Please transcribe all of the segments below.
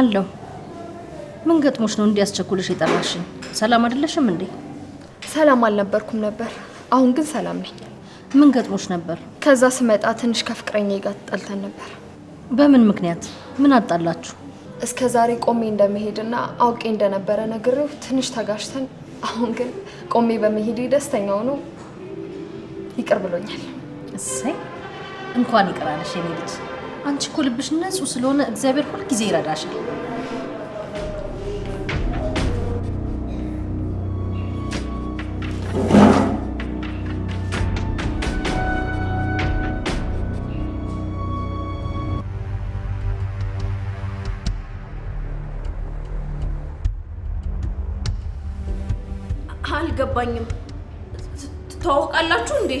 አለው ምን ገጥሞሽ ነው እንዲያስቸኩልሽ የጠራሽኝ? ሰላም አይደለሽም እንዴ? ሰላም አልነበርኩም ነበር። አሁን ግን ሰላም ነኝ። ምን ገጥሞሽ ነበር? ከዛ ስመጣ ትንሽ ከፍቅረኛ ጋር ነበር። በምን ምክንያት? ምን አጣላችሁ? እስከ ዛሬ ቆሜ እንደመሄድና አውቄ እንደነበረ ነግሬው ትንሽ ተጋሽተን፣ አሁን ግን ቆሜ በመሄድ ደስተኛ ሆኖ ይቅር ብሎኛል። እሰይ እንኳን ይቅር አለሽ የኔ ልጅ። አንቺ እኮ ልብሽ ንጹህ ስለሆነ እግዚአብሔር ሁልጊዜ ይረዳሻል። አልገባኝም። ትተዋወቃላችሁ እንዴ?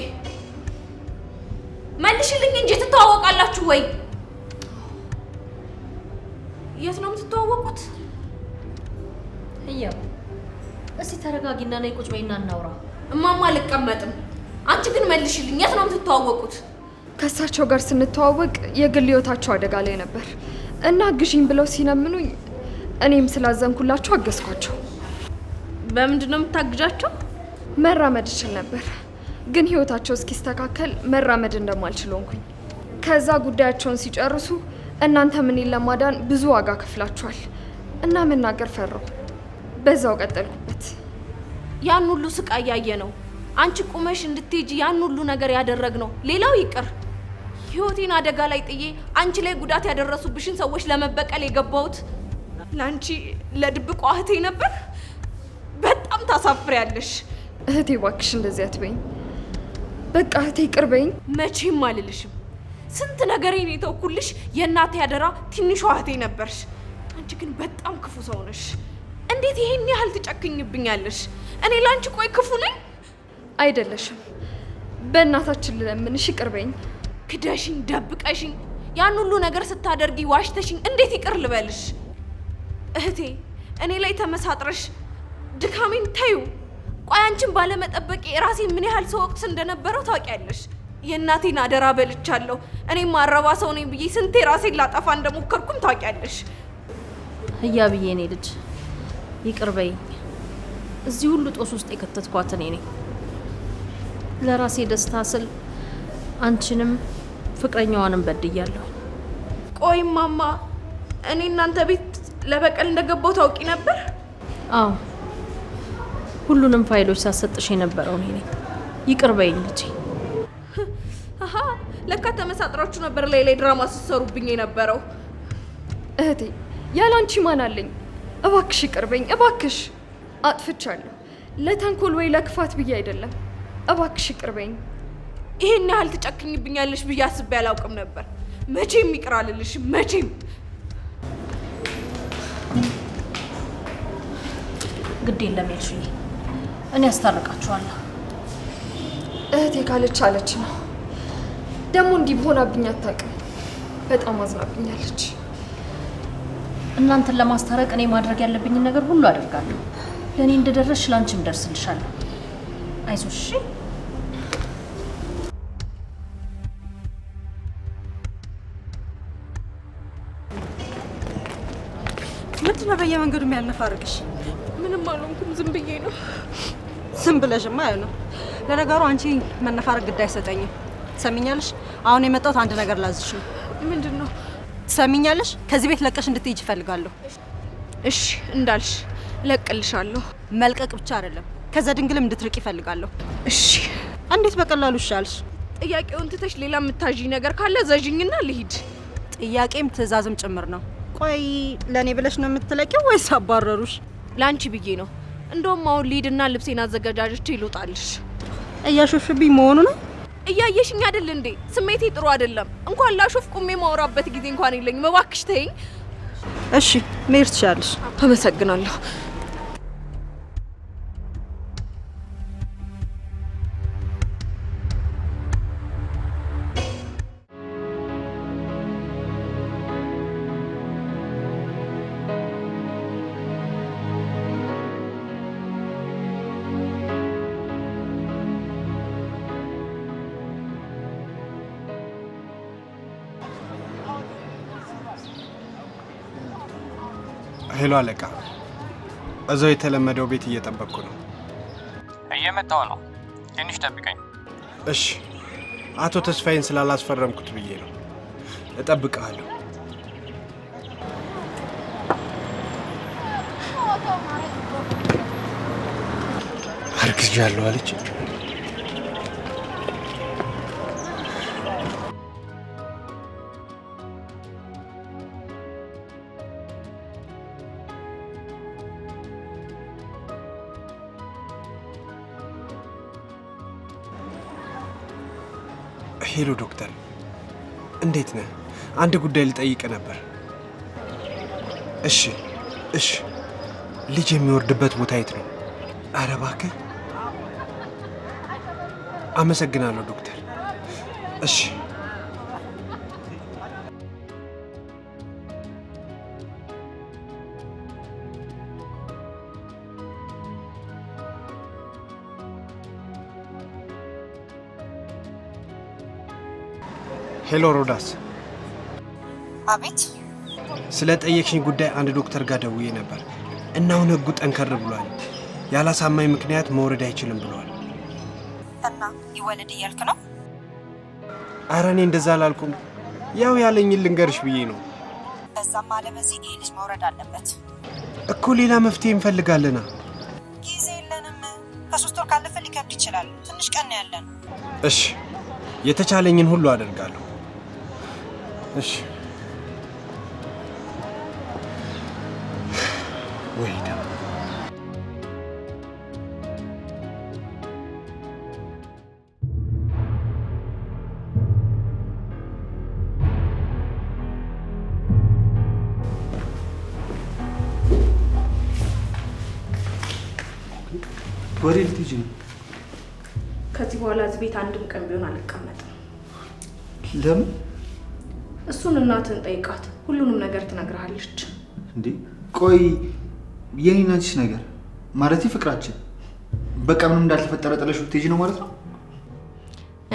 መልሽልኝ እንጂ ትተዋወቃላችሁ ወይ? የት ነው የምትተዋወቁት? ህያው እስቲ ተረጋጊና ነይ ቁጭ በይና እናውራ። እማማ አልቀመጥም። አንቺ ግን መልሽልኝ፣ የት ነው የምትተዋወቁት? ከእሳቸው ጋር ስንተዋወቅ የግል ህይወታቸው አደጋ ላይ ነበር እና ግዢኝ ብለው ሲነምኑኝ እኔም ስላዘንኩላቸው አገዝኳቸው። በምንድን ነው የምታግዣቸው? መራመድ እችል ነበር ግን ህይወታቸው እስኪስተካከል መራመድ እንደማልችል ሆንኩኝ። ከዛ ጉዳያቸውን ሲጨርሱ እናንተ ምን ለማዳን ብዙ ዋጋ ከፍላችኋል እና መናገር ፈራሁ። በዛው ቀጠልኩበት። ያን ሁሉ ስቃይ ያየ ነው አንቺ ቁመሽ እንድትሄጂ ያን ሁሉ ነገር ያደረግ ነው። ሌላው ይቅር ህይወቴን አደጋ ላይ ጥዬ አንቺ ላይ ጉዳት ያደረሱብሽን ሰዎች ለመበቀል የገባሁት ለአንቺ ለድብቁ እህቴ ነበር። በጣም ታሳፍሪያለሽ እህቴ። እባክሽ እንደዚያ አትበይኝ። በቃ እህቴ ይቅር በይኝ። መቼም አልልሽም። ስንት ነገር የተውኩልሽ የእናቴ አደራ ትንሽ እህቴ ነበርሽ። አንቺ ግን በጣም ክፉ ሰው ነሽ። እንዴት ይሄን ያህል ትጨክኝብኛለሽ? እኔ ለአንቺ ቆይ ክፉ ነኝ? አይደለሽም። በእናታችን ልለምንሽ ይቅር ክደሽኝ፣ ደብቀሽኝ፣ ያን ሁሉ ነገር ስታደርጊ ዋሽተሽኝ እንዴት ይቅር ልበልሽ? እህቴ እኔ ላይ ተመሳጥረሽ ድካሜን ታዩ። ቆይ አንቺን ራሴ ምን ያህል ሰው ወቅት እንደነበረው ታውቂያለሽ። የእናቴን አደራ በልቻለሁ። እኔም አረባ ሰው ነኝ ብዬ ስንቴ ራሴን ላጠፋ እንደሞከርኩም ታውቂያለሽ። እያ ብዬ እኔ ልጅ ይቅር በይኝ። እዚህ ሁሉ ጦስ ውስጥ የከተትኳት እኔ ነኝ። ለራሴ ደስታ ስል አንቺንም ፍቅረኛዋንም በድያለሁ። ቆይ ማማ፣ እኔ እናንተ ቤት ለበቀል እንደገባው ታውቂ ነበር? አዎ፣ ሁሉንም ፋይሎች ሳሰጥሽ የነበረው እኔ ነኝ። ይቅር በይኝ ልጄ። ለካ ተመሳጥራችሁ ነበር ላይ ላይ ድራማ ስትሰሩብኝ የነበረው። እህቴ ያላንቺ ማን አለኝ? እባክሽ ይቅርበኝ፣ እባክሽ አጥፍቻለሁ። ለተንኮል ወይ ለክፋት ብዬ አይደለም። እባክሽ ይቅርበኝ። ይሄን ያህል ትጨክኝብኛለሽ ብዬ አስቤ አላውቅም ነበር። መቼም ይቅር መቼም ግድ የለም እኔ አስታርቃችኋለሁ። እህቴ ካለች አለች ነው ደግሞ እንዲህ ሆናብኝ አታውቅም። በጣም አዝናብኛለች። እናንተን ለማስታረቅ እኔ ማድረግ ያለብኝን ነገር ሁሉ አደርጋለሁ። ለእኔ እንደደረስሽ ለአንቺም ደርስልሻለሁ። አይዞሽ። ምንድን ነው በየመንገዱ የሚያነፋርቅሽ? ምንም አልሆንኩም፣ ዝም ብዬ ነው። ዝም ብለሽማ ያው ነው። ለነገሩ አንቺ መነፋረቅ ግድ አይሰጠኝም። ትሰሚኛለሽ? አሁን የመጣሁት አንድ ነገር ላዝሽ ነው። ምንድን ነው? ትሰሚኛለሽ? ከዚህ ቤት ለቀሽ እንድትሄጅ እፈልጋለሁ። እሺ እንዳልሽ ለቅልሻለሁ። መልቀቅ ብቻ አይደለም ከዛ ድንግልም እንድትርቅ ይፈልጋለሁ። እሺ እንዴት በቀላሉ ይሻልሽ? ጥያቄውን ትተሽ ሌላ የምታዥኝ ነገር ካለ ዘዥኝና ልሂድ። ጥያቄም ትዕዛዝም ጭምር ነው። ቆይ ለእኔ ብለሽ ነው የምትለቂው ወይስ አባረሩሽ? ለአንቺ ብዬ ነው። እንደውም አሁን ልሂድና ልብሴን አዘገጃጀች ይሉጣልሽ። እያሾፍብኝ መሆኑ ነው እያየሽኝ አይደል እንዴ? ስሜቴ ጥሩ አይደለም። እንኳን ላሾፍ ቁሜ ማውራበት ጊዜ እንኳን የለኝም። እባክሽ ተይኝ። እሺ፣ መሄድ ትችያለሽ። አመሰግናለሁ። አለቃ፣ እዛው የተለመደው ቤት እየጠበቅኩ ነው። እየመጣው ነው፣ ትንሽ ጠብቀኝ። እሺ፣ አቶ ተስፋዬን ስላላስፈረምኩት ብዬ ነው። እጠብቀሃለሁ። አርግዣለሁ አለች። ሄሎ ዶክተር፣ እንዴት ነህ? አንድ ጉዳይ ልጠይቅ ነበር። እሺ እሺ። ልጅ የሚወርድበት ቦታ የት ነው? አረ እባክህ። አመሰግናለሁ ዶክተር። እሺ ሄሎ ሮዳስ። አቤት። ስለ ጠየቅሽኝ ጉዳይ አንድ ዶክተር ጋር ደውዬ ነበር እና አሁን ህጉ ጠንከር ብሏል። ያላሳማኝ ምክንያት መውረድ አይችልም ብሏል። እና ይወለድ እያልክ ነው? አረ እኔ እንደዛ አላልኩም። ያው ያለኝን ልንገርሽ ብዬ ነው። በዛም አለ በዚህ ይህ ልጅ መውረድ አለበት እኮ። ሌላ መፍትሄ እንፈልጋለና ጊዜ የለንም። ከሶስት ወር ካለፈ ሊከብድ ይችላል። ትንሽ ቀን ያለን። እሺ፣ የተቻለኝን ሁሉ አደርጋለሁ። እሺ ወይ ወደ ልትሄጂ ነው? ከዚህ በኋላ እዚህ ቤት አንድም ቀን ቢሆን አልቀመጥም። ለምን? እሱን እናትን ጠይቃት፣ ሁሉንም ነገር ትነግርሃለች። እንዴ ቆይ የኔና አንቺስ ነገር ማለት ፍቅራችን በቃ ምንም እንዳልተፈጠረ ጥለሽ ብትሄጂ ነው ማለት ነው?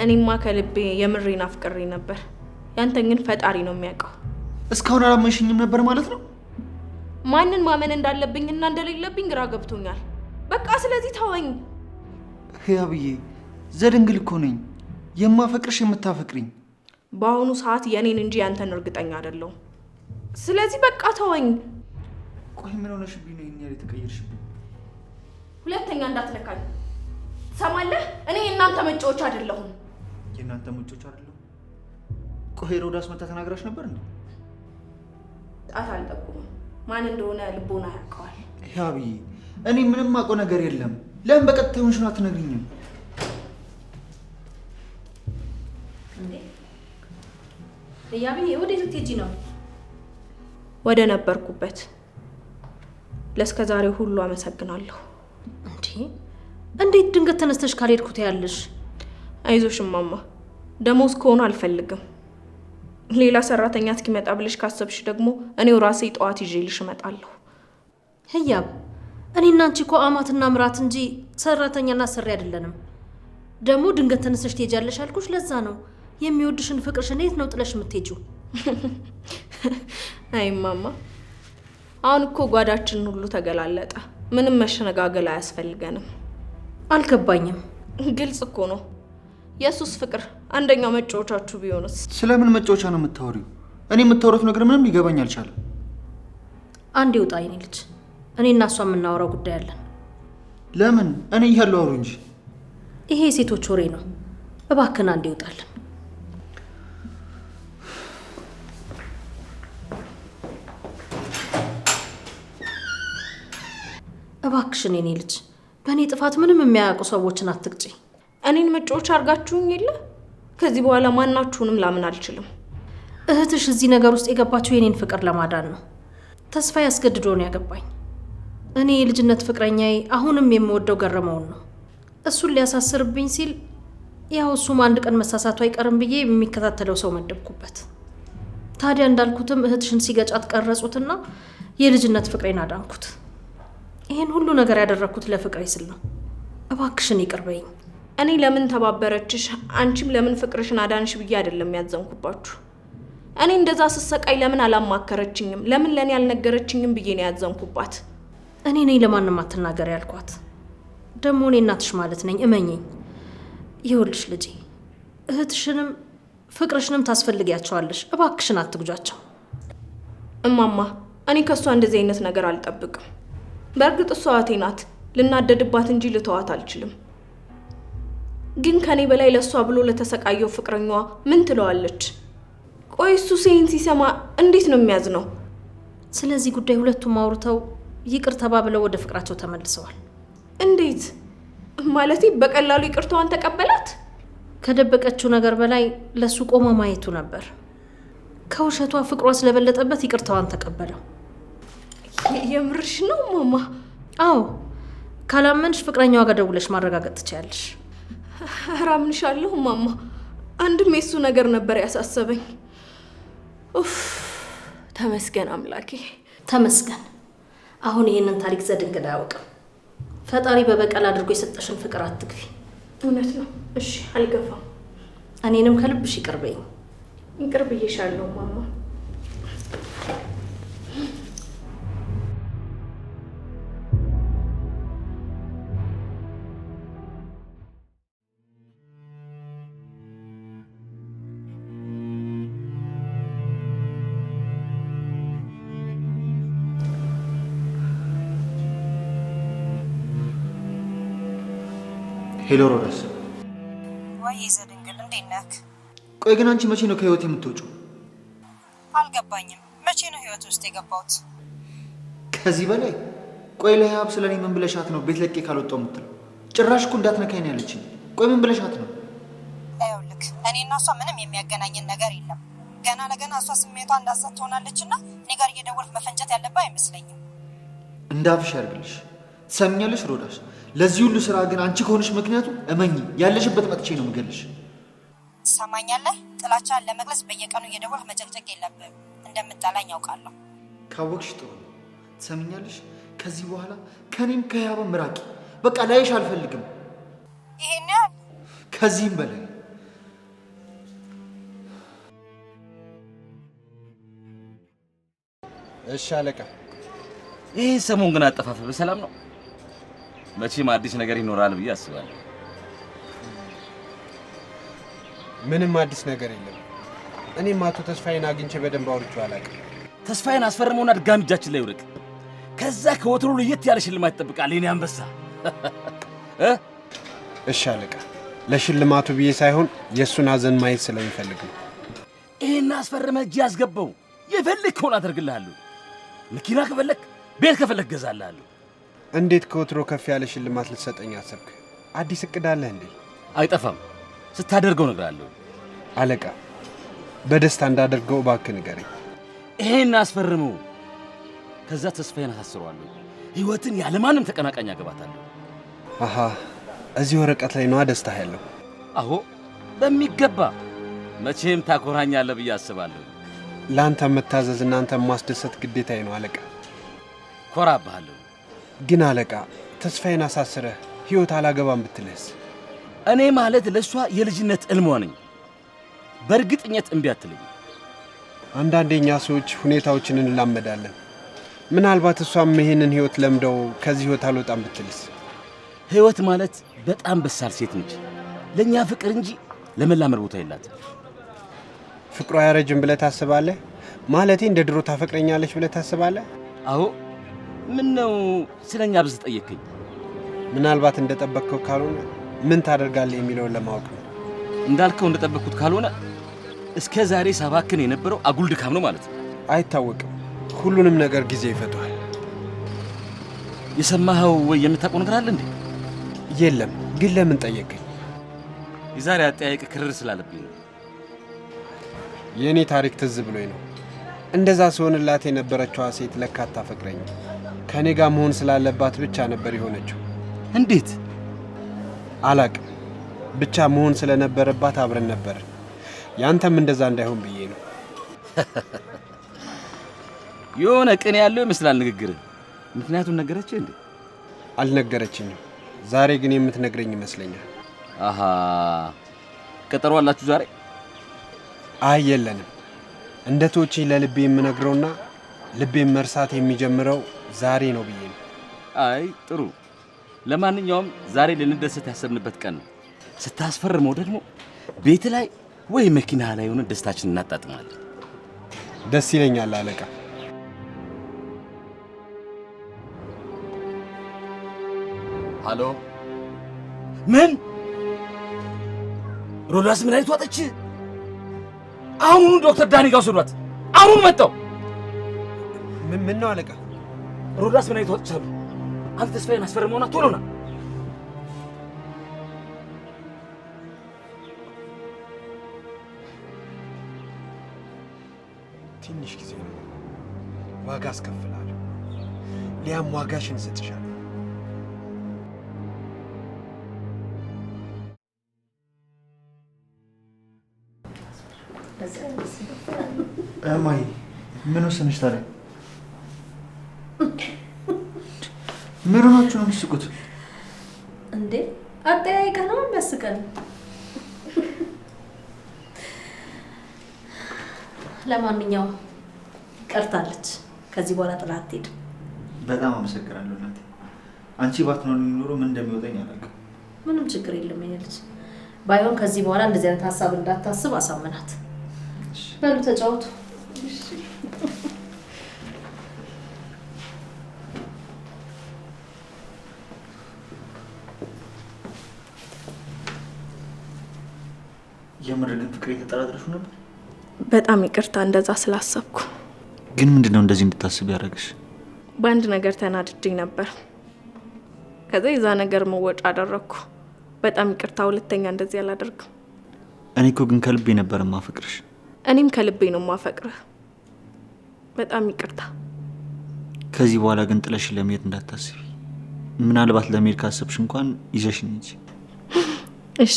እኔማ ከልቤ የምሬን አፍቅሬ ነበር። ያንተን ግን ፈጣሪ ነው የሚያውቀው። እስካሁን አላመንሽኝም ነበር ማለት ነው? ማንን ማመን እንዳለብኝ እና እንደሌለብኝ ግራ ገብቶኛል። በቃ ስለዚህ ተወኝ። ህያብዬ ዘድንግል እኮ ነኝ የማፈቅርሽ የምታፈቅሪኝ በአሁኑ ሰዓት የኔን እንጂ ያንተን እርግጠኛ አይደለሁም። ስለዚህ በቃ ተወኝ። ቆይ ምን ሆነሽብኝ ነው ያህል የተቀየርሽብኝ? ሁለተኛ እንዳትነካኝ ትሰማለህ? እኔ የእናንተ መጫዎች አይደለሁም። የእናንተ መጫዎች አይደለሁም? ቆይ ሮዳስ መታ ተናግራሽ ነበር እንዴ? ጣት አልጠቁም። ማን እንደሆነ ልቦና ያውቀዋል። ያብይ እኔ ምንም አውቀው ነገር የለም። ለምን በቀጥታ ሆንሽን አትነግሪኝም? ህያብዬ ወዴት ልትሄጂ ነው? ወደ ነበርኩበት። ለእስከ ዛሬ ሁሉ አመሰግናለሁ። እንዴ እንዴት ድንገት ተነስተሽ ካልሄድኩት ያለሽ? አይዞሽ እማማ፣ ደሞዝ ከሆኑ አልፈልግም። ሌላ ሰራተኛ እስኪመጣ ብለሽ ካሰብሽ ደግሞ እኔው ራሴ ጠዋት ይዤልሽ እመጣለሁ። ህያብ፣ እኔና አንቺ እኮ አማትና ምራት እንጂ ሰራተኛና ሰሪ አይደለንም። ደግሞ ድንገት ተነስተሽ ትሄጃለሽ አልኩሽ፣ ለዛ ነው የሚወድሽን ፍቅርሽ የት ነው ጥለሽ የምትሄጂው? አይ ማማ፣ አሁን እኮ ጓዳችን ሁሉ ተገላለጠ። ምንም መሸነጋገል አያስፈልገንም። አልገባኝም። ግልጽ እኮ ነው። የሱስ ፍቅር አንደኛው መጫወቻችሁ ቢሆንስ? ስለምን መጫወቻ ነው የምታወሪው? እኔ የምታወሩት ነገር ምንም ሊገባኝ አልቻለም። አንድ ይውጣ የኔ ልጅ። እኔ እና እሷ የምናወራው ጉዳይ አለን። ለምን? እኔ እያለሁ አውሩ እንጂ። ይሄ የሴቶች ወሬ ነው። እባክን አንድ ይውጣለን። እባክሽን የኔ ልጅ በእኔ ጥፋት ምንም የሚያውቁ ሰዎችን አትቅጪ። እኔን መጫወቻ አድርጋችሁኝ የለ ከዚህ በኋላ ማናችሁንም ላምን አልችልም። እህትሽ እዚህ ነገር ውስጥ የገባችው የኔን ፍቅር ለማዳን ነው። ተስፋ ያስገድዶ ነው ያገባኝ። እኔ የልጅነት ፍቅረኛዬ አሁንም የምወደው ገረመውን ነው። እሱን ሊያሳስርብኝ ሲል ያው እሱም አንድ ቀን መሳሳቱ አይቀርም ብዬ የሚከታተለው ሰው መደብኩበት። ታዲያ እንዳልኩትም እህትሽን ሲገጫት ቀረጹትና የልጅነት ፍቅሬን አዳንኩት። ይህን ሁሉ ነገር ያደረግኩት ለፍቅሬ ስል ነው። እባክሽን ይቅርበኝ እኔ ለምን ተባበረችሽ፣ አንቺም ለምን ፍቅርሽን አዳንሽ ብዬ አይደለም ያዘንኩባችሁ። እኔ እንደዛ ስሰቃይ ለምን አላማከረችኝም፣ ለምን ለእኔ አልነገረችኝም ብዬ ነው ያዘንኩባት። እኔ ነኝ ለማንም አትናገር ያልኳት። ደግሞ እኔ እናትሽ ማለት ነኝ፣ እመኘኝ። ይኸውልሽ ልጄ፣ እህትሽንም ፍቅርሽንም ታስፈልጊያቸዋለሽ። እባክሽን አትጉጃቸው። እማማ፣ እኔ ከእሷ እንደዚህ አይነት ነገር አልጠብቅም። በእርግጥ እሷ እህቴ ናት፣ ልናደድባት እንጂ ልተዋት አልችልም። ግን ከኔ በላይ ለእሷ ብሎ ለተሰቃየው ፍቅረኛዋ ምን ትለዋለች? ቆይ እሱ ሴን ሲሰማ እንዴት ነው የሚያዝ ነው? ስለዚህ ጉዳይ ሁለቱም አውርተው ይቅር ተባብለው ወደ ፍቅራቸው ተመልሰዋል። እንዴት ማለት በቀላሉ ይቅርታዋን ተቀበላት? ከደበቀችው ነገር በላይ ለእሱ ቆመ ማየቱ ነበር። ከውሸቷ ፍቅሯ ስለበለጠበት ይቅርታዋን ተቀበለው። የምርሽ ነው ማማ? አዎ፣ ካላመንሽ ፍቅረኛዋ ጋር ደውለሽ ማረጋገጥ ትችያለሽ። ኧረ አምንሻለሁ ማማ። አንድም የሱ ነገር ነበር ያሳሰበኝ። ኡፍ፣ ተመስገን አምላኬ፣ ተመስገን። አሁን ይህንን ታሪክ ዘድንግል አያውቅም። ፈጣሪ በበቀል አድርጎ የሰጠሽን ፍቅር አትግፊ። እውነት ነው። እሺ፣ አልገፋም። እኔንም ከልብሽ ይቅርበኝ። ይቅርብዬሻለሁ ማማ። ሄሎ ሮዳስ። ወይ ዘድንግል እንዴት ነህ? ቆይ ግን አንቺ መቼ ነው ከህይወት የምትወጪው? አልገባኝም። መቼ ነው ህይወት ውስጥ የገባሁት? ከዚህ በላይ ቆይ ለህያብ ስለኔ ምን ብለሻት ነው ቤት ለቄ ካልወጣው የምትለው? ጭራሽ እኮ እንዳትነካኝ ነው ያለችኝ። ቆይ ምን ብለሻት ነው? ይኸውልህ እኔ እና እሷ ምንም የሚያገናኝን ነገር የለም። ገና ለገና እሷ ስሜቷ እንዳዛ ትሆናለች እና እኔ ጋር እየደወልክ መፈንጨት ያለብህ አይመስለኝም። እንዳፍሽ ያርግልሽ። ሰምኛለሽ ሮዳሽ? ለዚህ ሁሉ ስራ ግን አንቺ ከሆነሽ ምክንያቱ እመኝ ያለሽበት መጥቼ ነው ምገልሽ። ትሰማኛለህ? ጥላቻን ለመግለጽ በየቀኑ እየደወልክ መጨቅጨቅ የለብህም። እንደምጠላኝ ያውቃለሁ። ካወቅሽ ጥሩ ትሰምኛለሽ? ከዚህ በኋላ ከኔም ከያበ ምራቂ። በቃ ላይሽ አልፈልግም። ይሄን ያህል ከዚህም በላይ እሺ አለቃ። ይህ ሰሞን ግን አጠፋፈ በሰላም ነው? መቼም አዲስ ነገር ይኖራል ብዬ አስባለሁ። ምንም አዲስ ነገር የለም። እኔም አቶ ተስፋዬን አግኝቼ በደንብ አውርቼው አላውቅም። ተስፋዬን አስፈርመውና ድጋሚ እጃችን ላይ ውደቅ። ከዛ ከወትሮ ለየት ያለ ሽልማት ይጠብቃል። የኔ አንበሳ። እሺ አለቃ፣ ለሽልማቱ ብዬ ሳይሆን የእሱን ሀዘን ማየት ስለሚፈልግ ነው። ይህን አስፈርመህ እጅ ያስገባው። የፈለግከውን አደርግልሃለሁ። መኪና ከፈለግ፣ ቤት ከፈለግ ገዛልሃለሁ። እንዴት ከወትሮ ከፍ ያለ ሽልማት ልትሰጠኝ አሰብክ? አዲስ እቅድ አለህ እንዴ? አይጠፋም። ስታደርገው እነግርሃለሁ። አለቃ፣ በደስታ እንዳደርገው እባክህ ንገረኝ። ይሄን አስፈርመው፣ ከዛ ተስፋዬን አሳስረዋለሁ። ህይወትን ያለማንም ተቀናቃኝ አገባታለሁ። አሀ፣ እዚህ ወረቀት ላይ ነዋ ደስታ ያለው። አሁ በሚገባ መቼም ታኮራኛለህ ብዬ አስባለሁ። ለአንተ መታዘዝ እናንተ ማስደሰት ግዴታዬ ነው አለቃ። ኮራብሃለሁ። ግን አለቃ ተስፋዬን አሳስረህ ሕይወት አላገባም ብትልህስ? እኔ ማለት ለእሷ የልጅነት እልሟ ነኝ። በእርግጠኝነት እምቢ አትለኝ። አንዳንዴ እኛ ሰዎች ሁኔታዎችን እንላመዳለን። ምናልባት እሷም ይህንን ሕይወት ለምደው ከዚህ ሕይወት አልወጣም ብትልስ? ሕይወት ማለት በጣም በሳል ሴት ነች። ለእኛ ፍቅር እንጂ ለመላመድ ቦታ የላት። ፍቅሯ አያረጅም ብለህ ታስባለህ? ማለቴ እንደ ድሮ ታፈቅረኛለች ብለህ ታስባለህ? አዎ ምን ነው ስለኛ ብዝ ጠየከኝ ምናልባት እንደጠበቅከው ካልሆነ ምን ታደርጋለህ የሚለውን ለማወቅ ነው። እንዳልከው እንደጠበቅኩት ካልሆነ እስከ ዛሬ ሰባክን የነበረው አጉል ድካም ነው ማለት ነው። አይታወቅም። ሁሉንም ነገር ጊዜ ይፈቷል። የሰማኸው ወይ የምታውቀው ነገር አለ እንዴ? የለም። ግን ለምን ጠየቀኝ? የዛሬ አጠያየቅ ክርር ስላለብኝ ነው። የእኔ ታሪክ ትዝ ብሎኝ ነው። እንደዛ ሲሆንላት የነበረችዋ ሴት ለካ አታፈቅረኝም። ከእኔ ጋር መሆን ስላለባት ብቻ ነበር የሆነችው። እንዴት አላቅ ብቻ መሆን ስለነበረባት አብረን ነበርን። ያንተም እንደዛ እንዳይሆን ብዬ ነው። የሆነ ቅኔ ያለው ይመስላል ንግግር። ምክንያቱን ነገረች እንዴ? አልነገረችኝም። ዛሬ ግን የምትነግረኝ ይመስለኛል። አሀ ቀጠሮ አላችሁ ዛሬ? አይ የለንም። እንደ ቶቼ ለልቤ የምነግረውና ልቤን መርሳት የሚጀምረው ዛሬ ነው ብዬ ነው። አይ ጥሩ። ለማንኛውም ዛሬ ልንደሰት ያሰብንበት ቀን ነው። ስታስፈርመው ደግሞ ቤት ላይ ወይ መኪና ላይ ሆነ ደስታችን እናጣጥማለን። ደስ ይለኛል አለቃ። ሀሎ ምን ሮዳስ አይነት ዋጠች። አሁኑኑ ዶክተር ዳኒ ጋር ወሰዷት። አሁኑን መጣው። ምን ነው አለቃ ሮዳስ ምን አይነት ወጥቻለሁ። አንተ ተስፋዬን አስፈርመውና ቶሎ ና። ትንሽ ጊዜ ነው፣ ዋጋ አስከፍላለሁ። ሊያም ዋጋሽን እሰጥሻለሁ። እማዬ ምን ወሰንሽ ታዲያ? ምን ሆናችሁ ነው የምትስቁት እንዴ? አጠያይቀ ነው የሚያስቀን። ለማንኛውም ቀርታለች። ከዚህ በኋላ ጥላ ትሄድ በጣም አመሰግናለሁ እናቴ። አንቺ ባትኖር ኖሮ ምን እንደሚወጠኝ አላውቅም። ምንም ችግር የለም የእኔ ልጅ። ባይሆን ከዚህ በኋላ እንደዚህ አይነት ሀሳብ እንዳታስብ አሳምናት። በሉ ተጫወቱ። የምር ግን ፍቅሬ ተጠራጥረሽ ነበር? በጣም ይቅርታ እንደዛ ስላሰብኩ። ግን ምንድን ነው እንደዚህ እንድታስብ ያደረግሽ? በአንድ ነገር ተናድጄ ነበር። ከዛ የዛ ነገር መወጫ አደረግኩ። በጣም ይቅርታ፣ ሁለተኛ እንደዚህ አላደርግም። እኔ እኮ ግን ከልቤ ነበር ማፈቅርሽ። እኔም ከልቤ ነው ማፈቅርህ። በጣም ይቅርታ። ከዚህ በኋላ ግን ጥለሽ ለመሄድ እንዳታስቢ። ምናልባት ለመሄድ ካሰብሽ እንኳን ይዘሽ ነጂ። እሺ፣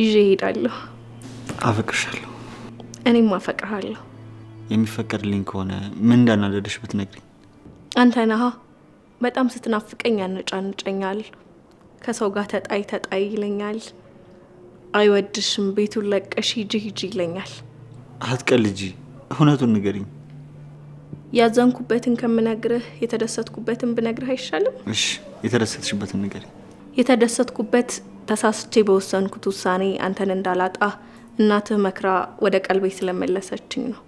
ይዤ እሄዳለሁ። አፈቅርሻለሁ። እኔም አፈቅርሃለሁ። የሚፈቀድልኝ ከሆነ ምን እንዳናደደሽ ብትነግሪኝ። አንተ ነሃ በጣም ስትናፍቀኝ ያነጫንጨኛል። ከሰው ጋር ተጣይ ተጣይ ይለኛል። አይወድሽም፣ ቤቱን ለቀሽ ሂጂ ሂጂ ይለኛል። አትቀልጂ፣ እውነቱን ንገሪኝ። ያዘንኩበትን ከምነግርህ የተደሰትኩበትን ብነግርህ አይሻልም? እሺ፣ የተደሰትሽበትን ንገሪኝ። የተደሰትኩበት ተሳስቼ በወሰንኩት ውሳኔ አንተን እንዳላጣ እናትህ መክራ ወደ ቀልቤ ስለመለሰችኝ ነው።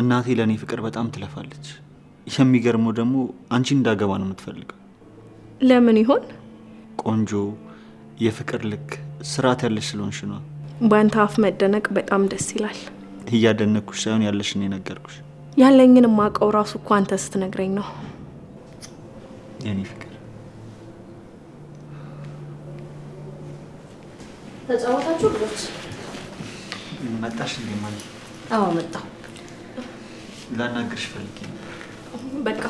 እናቴ ለእኔ ፍቅር በጣም ትለፋለች። የሚገርመው ደግሞ አንቺ እንዳገባ ነው የምትፈልገው። ለምን ይሆን? ቆንጆ፣ የፍቅር ልክ ስርዓት ያለሽ ስለሆንሽ ሽኗ በአንተ አፍ መደነቅ በጣም ደስ ይላል። እያደነኩሽ ሳይሆን ያለሽን የነገርኩሽ። ያለኝን ማቀው ራሱ እኮ አንተ ስትነግረኝ ነው። የኔ ፍቅር ተጫወታችሁ ልጆች መጣሽ እንዴ? ማለት አዎ፣ መጣሁ። ላናግርሽ ፈልጌ ነበር። በቃ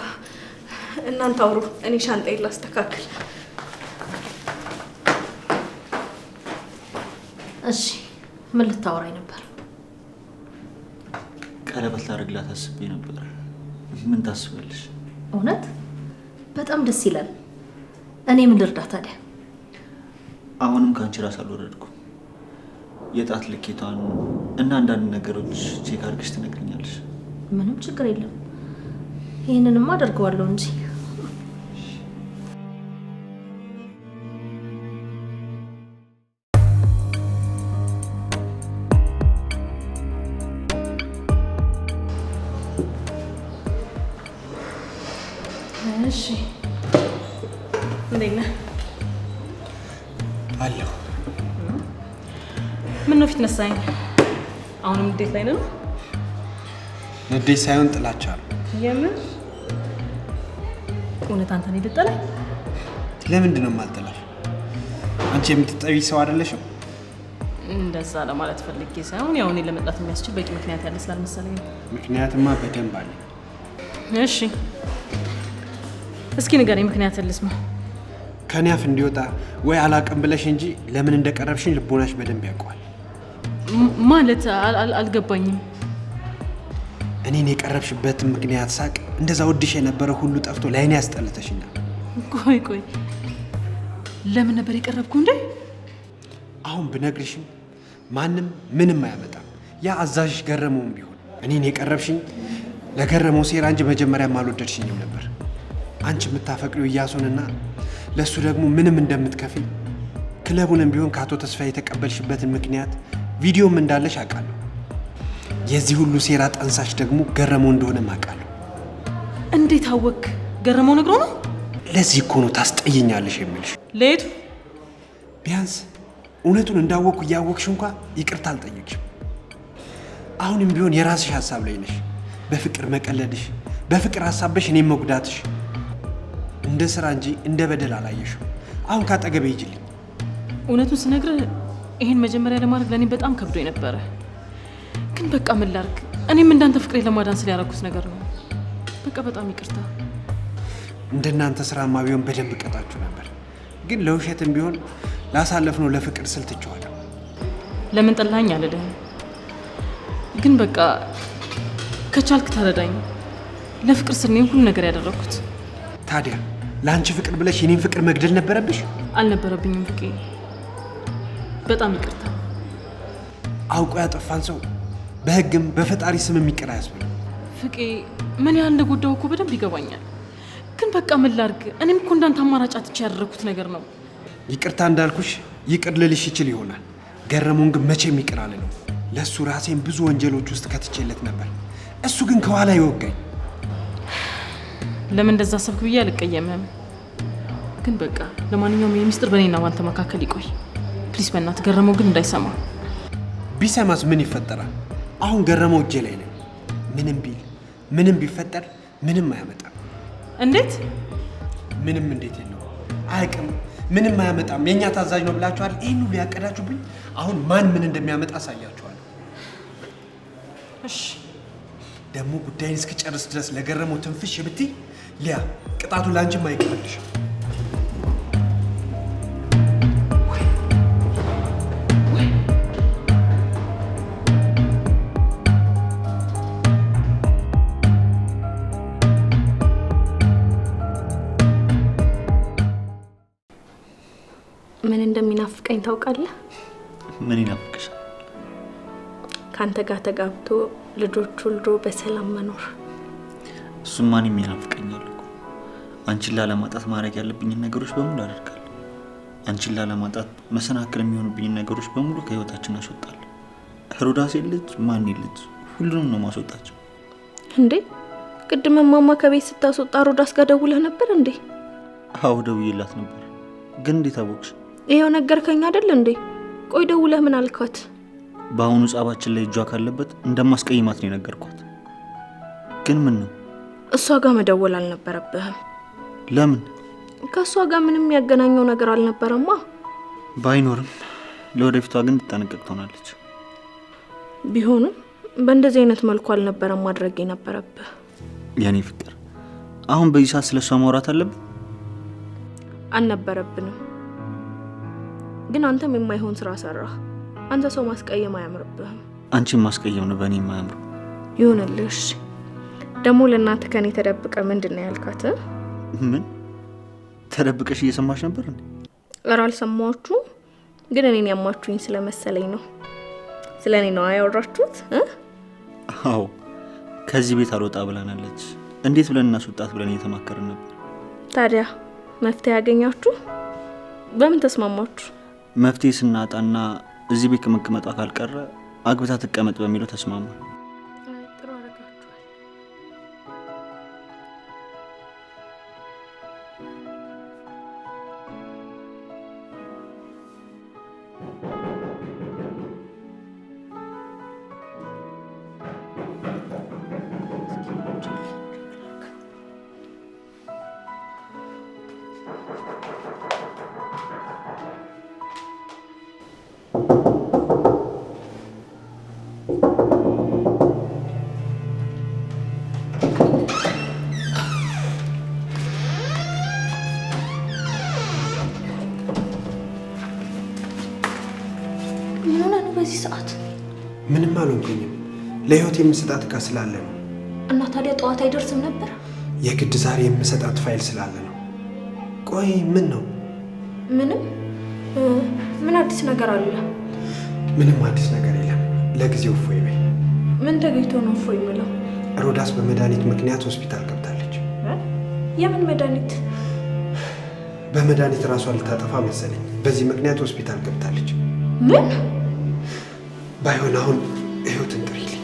እናንተ አውሩ፣ እኔ ሻንጣዬን ላስተካክል። እሺ፣ ምን ልታወራኝ ነበር? ቀለበት ላደርግላት አስቤ ነበር። ምን ታስበልሽ? እውነት በጣም ደስ ይላል። እኔ ምን ልርዳ ታዲያ? አሁንም ከአንቺ ራስ አልወረድኩም። የጣት ልኬቷን እና አንዳንድ ነገሮች ቼክ አድርገሽ ትነግርኛለሽ። ምንም ችግር የለም። ይህንንም አደርገዋለሁ እንጂ ረሳኝ። አሁንም ንዴት ላይ ነው። ንዴት ሳይሆን ጥላቻ ነው። የምን እውነት? አንተ ነው ልጠላኝ? ለምንድን ነው የማልጠላሽ? አንቺ የምትጠቢ ሰው አይደለሽም። እንደዛ ለማለት ፈልጌ ሳይሆን ያው እኔ ለመጣት የሚያስችል በቂ ምክንያት ያለ ስላልመሰለኝ። ምክንያትማ በደንብ አለ። እሺ እስኪ ንገረኝ፣ ምክንያት ልስማ። ከኔ አፍ እንዲወጣ ወይ አላቅም ብለሽ እንጂ ለምን እንደቀረብሽኝ ልቦናሽ በደንብ ያውቀዋል። ማለት አልገባኝም። እኔን የቀረብሽበት ምክንያት ሳቅ እንደዛ ወድሽ የነበረ ሁሉ ጠፍቶ ላይን ያስጠልተሽኛል። ቆይ ቆይ ለምን ነበር የቀረብኩ እንዴ? አሁን ብነግርሽም ማንም ምንም አያመጣም። ያ አዛዥሽ ገረመውም ቢሆን እኔን የቀረብሽኝ ለገረመው ሴራ እንጂ መጀመሪያም አልወደድሽኝም ነበር። አንቺ የምታፈቅሪው እያሱንና ለእሱ ደግሞ ምንም እንደምትከፍል ክለቡንም ቢሆን ከአቶ ተስፋ የተቀበልሽበትን ምክንያት ቪዲዮም እንዳለሽ አውቃለሁ። የዚህ ሁሉ ሴራ ጠንሳሽ ደግሞ ገረመው እንደሆነም አውቃለሁ። እንዴት አወክ? ገረመው ነግሮ ነው። ለዚህ እኮ ነው ታስጠይኛለሽ የሚልሽ። ለየቱ ቢያንስ እውነቱን እንዳወቅኩ እያወቅሽ እንኳ ይቅርታ አልጠየቅሽም። አሁንም ቢሆን የራስሽ ሀሳብ ላይ ነሽ። በፍቅር መቀለድሽ፣ በፍቅር ሀሳብሽ እኔም መጉዳትሽ እንደ ስራ እንጂ እንደ በደል አላየሽም። አሁን ካጠገቤ ይጅልኝ። እውነቱን ስነግርህ ይሄን መጀመሪያ ለማድረግ ለእኔ በጣም ከብዶ ነበረ። ግን በቃ ምን ላድርግ፣ እኔም እንዳንተ ፍቅሬ ለማዳን ስለ ያደረኩት ነገር ነው። በቃ በጣም ይቅርታ። እንደናንተ ስራማ ቢሆን በደንብ እቀጣችሁ ነበር፣ ግን ለውሸትም ቢሆን ላሳለፍነው ለፍቅር ስል ትቼዋለሁ። ለምን ጠላኝ አልልህም፣ ግን በቃ ከቻልክ ተረዳኝ። ለፍቅር ስል ሁሉ ነገር ያደረኩት። ታዲያ ለአንቺ ፍቅር ብለሽ የኔን ፍቅር መግደል ነበረብሽ? አልነበረብኝም ፍቄ በጣም ይቅርታ። አውቆ ያጠፋን ሰው በህግም በፈጣሪ ስም የሚቀር አያስብልም። ፍቄ ምን ያህል እንደጎዳው እኮ በደንብ ይገባኛል። ግን በቃ ምን ላድርግ? እኔም እኮ እንዳንተ አማራጭ አጥቼ ያደረኩት ነገር ነው። ይቅርታ እንዳልኩሽ ይቅር ልልሽ ይችል ይሆናል። ገረመውን ግን መቼም ይቅር አልለው። ለእሱ ራሴን ብዙ ወንጀሎች ውስጥ ከትቼለት ነበር። እሱ ግን ከኋላ ይወጋኝ። ለምን እንደዛ ሰብክ ብዬ አልቀየምህም። ግን በቃ ለማንኛውም የሚስጥር በእኔና ባንተ መካከል ይቆይ። ፕሊስ በእናትህ ገረመው ግን እንዳይሰማ። ቢሰማስ ምን ይፈጠራል? አሁን ገረመው እጄ ላይ ነው። ምንም ቢል ምንም ቢፈጠር ምንም አያመጣም። እንዴት? ምንም እንዴት የለው አያውቅም። ምንም አያመጣም። የእኛ ታዛዥ ነው ብላችኋል። ይህን ሁሉ ያቀዳችሁብኝ። አሁን ማን ምን እንደሚያመጣ አሳያችኋል። እሺ ደግሞ ጉዳይን እስክጨርስ ድረስ ለገረመው ትንፍሽ ብትይ ሊያ ቅጣቱ ለአንቺም አይቀርልሽም። እንደሚናፍቀኝ ታውቃለህ? ምን ይናፍቅሻል? ከአንተ ጋር ተጋብቶ ልጆች ወልዶ በሰላም መኖር። እሱም ማን ይናፍቀኛል እኮ። አንቺን ላለማጣት ማድረግ ያለብኝን ነገሮች በሙሉ አደርጋለሁ። አንቺን ላለማጣት መሰናክል የሚሆኑብኝን ነገሮች በሙሉ ከህይወታችን አስወጣለሁ። ሮዳሴ ልጅ ማን ልጅ ሁሉንም ነው ማስወጣቸው። እንዴ ቅድመ ማማ ከቤት ስታስወጣ ሮዳስ ጋር ደውለህ ነበር እንዴ? አዎ ደውዬላት ነበር። ግን እንዴት አወቅሽ? ይሄው ነገርከኝ አይደል እንዴ? ቆይ ደውለህ ምን አልኳት? በአሁኑ ጻባችን ላይ እጇ ካለበት እንደማስቀይማት ነው የነገርኳት። ግን ምን ነው እሷ ጋር መደወል አልነበረብህም። ለምን? ከእሷ ጋር ምንም ያገናኘው ነገር አልነበረማ። ባይኖርም ለወደፊቷ ግን እንድጠነቀቅ ትሆናለች። ቢሆንም በእንደዚህ አይነት መልኩ አልነበረም ማድረግ የነበረብህ። የኔ ፍቅር፣ አሁን በዚህ ሰዓት ስለ እሷ ማውራት አለብን? አልነበረብንም። ግን አንተም የማይሆን ስራ ሰራህ። አንተ ሰው ማስቀየም አያምርብህም። አንቺን ማስቀየም ነው በእኔ የማያምሩ። ይሁንልሽ። ደግሞ ለእናት ከኔ ተደብቀ ምንድን ነው ያልካት? ምን ተደብቀሽ እየሰማች ነበር እንዴ? ኧረ አልሰማችሁ፣ ግን እኔን ያማችሁኝ ስለመሰለኝ ነው። ስለ እኔ ነው ያወራችሁት? አዎ፣ ከዚህ ቤት አልወጣ ብለናለች። እንዴት ብለን እናስወጣት ብለን እየተማከርን ነበር። ታዲያ መፍትሄ ያገኛችሁ? በምን ተስማማችሁ? መፍትሄ ስናጣና እዚህ ቤት ከመቀመጧ ካልቀረ አግብታ ትቀመጥ በሚለው thank you ደስተኛም አልሆንኩኝም። ለህይወት የምሰጣት ዕቃ ስላለ ነው። እና ታዲያ ጠዋት አይደርስም ነበር? የግድ ዛሬ የምሰጣት ፋይል ስላለ ነው። ቆይ ምን ነው? ምንም። ምን አዲስ ነገር አለ? ምንም አዲስ ነገር የለም። ለጊዜው እፎይ በይ። ምን ተገኝቶ ነው እፎይ የምለው? ሮዳስ በመድኃኒት ምክንያት ሆስፒታል ገብታለች። የምን መድኃኒት? በመድኃኒት እራሷን ልታጠፋ መሰለኝ። በዚህ ምክንያት ሆስፒታል ገብታለች። ምን ባይሆን አሁን እህትን ጥሪልኝ።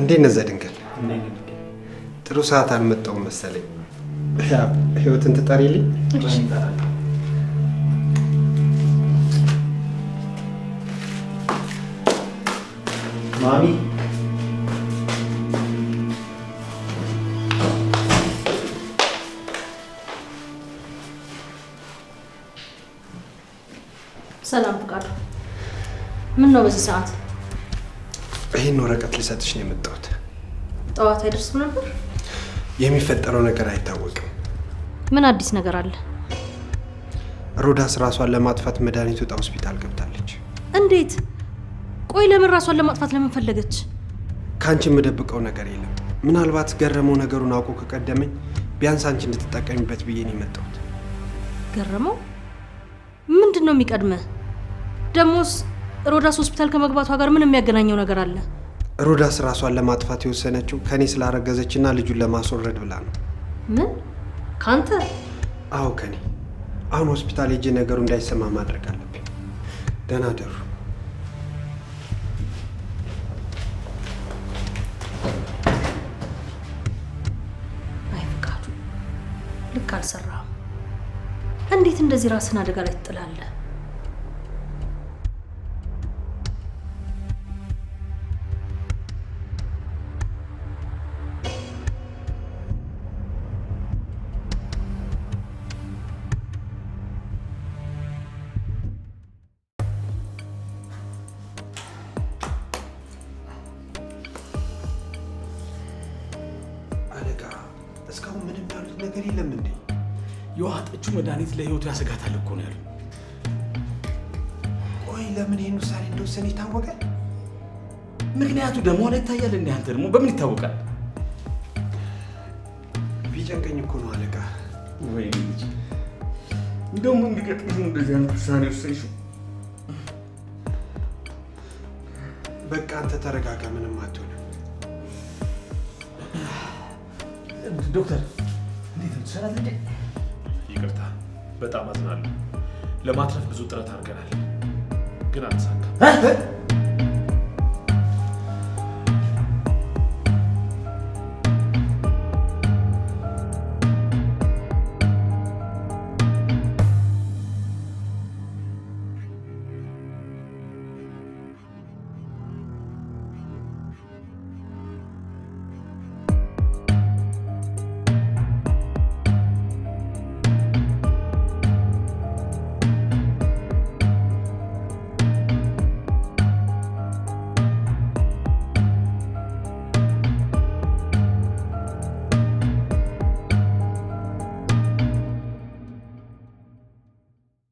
እንዴት ነዛ ድንገል ጥሩ ሰዓት አልመጣሁም መሰለኝ። ህይወትን ትጠሪልኝ። ማሚ ምን ነው በዚህ ሰዓት? ይህን ወረቀት ልሰጥሽ ነው የመጣሁት። ጠዋት አይደርስም ነበር? የሚፈጠረው ነገር አይታወቅም። ምን አዲስ ነገር አለ? ሮዳስ ራሷን ለማጥፋት መድኃኒት ወጣ ሆስፒታል ገብታለች። እንዴት? ቆይ ለምን ራሷን ለማጥፋት ለምን ፈለገች? ከአንቺ የምደብቀው ነገር የለም። ምናልባት ገረመው ነገሩን አውቆ ከቀደመኝ ቢያንስ አንቺ እንድትጠቀሚበት ብዬ ነው የመጣሁት። ገረመው ምንድን ነው የሚቀድመ ደሞስ ሮዳስ ሆስፒታል ከመግባቷ ጋር ምን የሚያገናኘው ነገር አለ? ሮዳስ ራሷን ለማጥፋት የወሰነችው ከኔ ስላረገዘችና ልጁን ለማስወረድ ብላ ነው። ምን? ከአንተ? አዎ ከኔ። አሁን ሆስፒታል ሄጄ ነገሩ እንዳይሰማ ማድረግ አለብኝ። ደህና ደሩ። ልክ አልሰራም? እንዴት እንደዚህ ራስን አደጋ ላይ ትጥላለህ? ለህይወቱ ያሰጋታል እኮ ነው ያሉ። ቆይ ለምን ይህን ውሳኔ እንደወሰነ ይታወቀ? ምክንያቱ ደግሞ ሆነ ይታያል። እንደ አንተ ደግሞ በምን ይታወቃል? ቢጨንቀኝ እኮ ነው አለቃ። ወይ ልጅ እንደው እንደዚህ አይነት ውሳኔ ወሰንሽው? በቃ አንተ ተረጋጋ፣ ምንም አትሆንም። ዶክተር እንዴት ነው ሰላት እንዴ በጣም አዝናለሁ። ለማትረፍ ብዙ ጥረት አድርገናል፣ ግን አልተሳካም።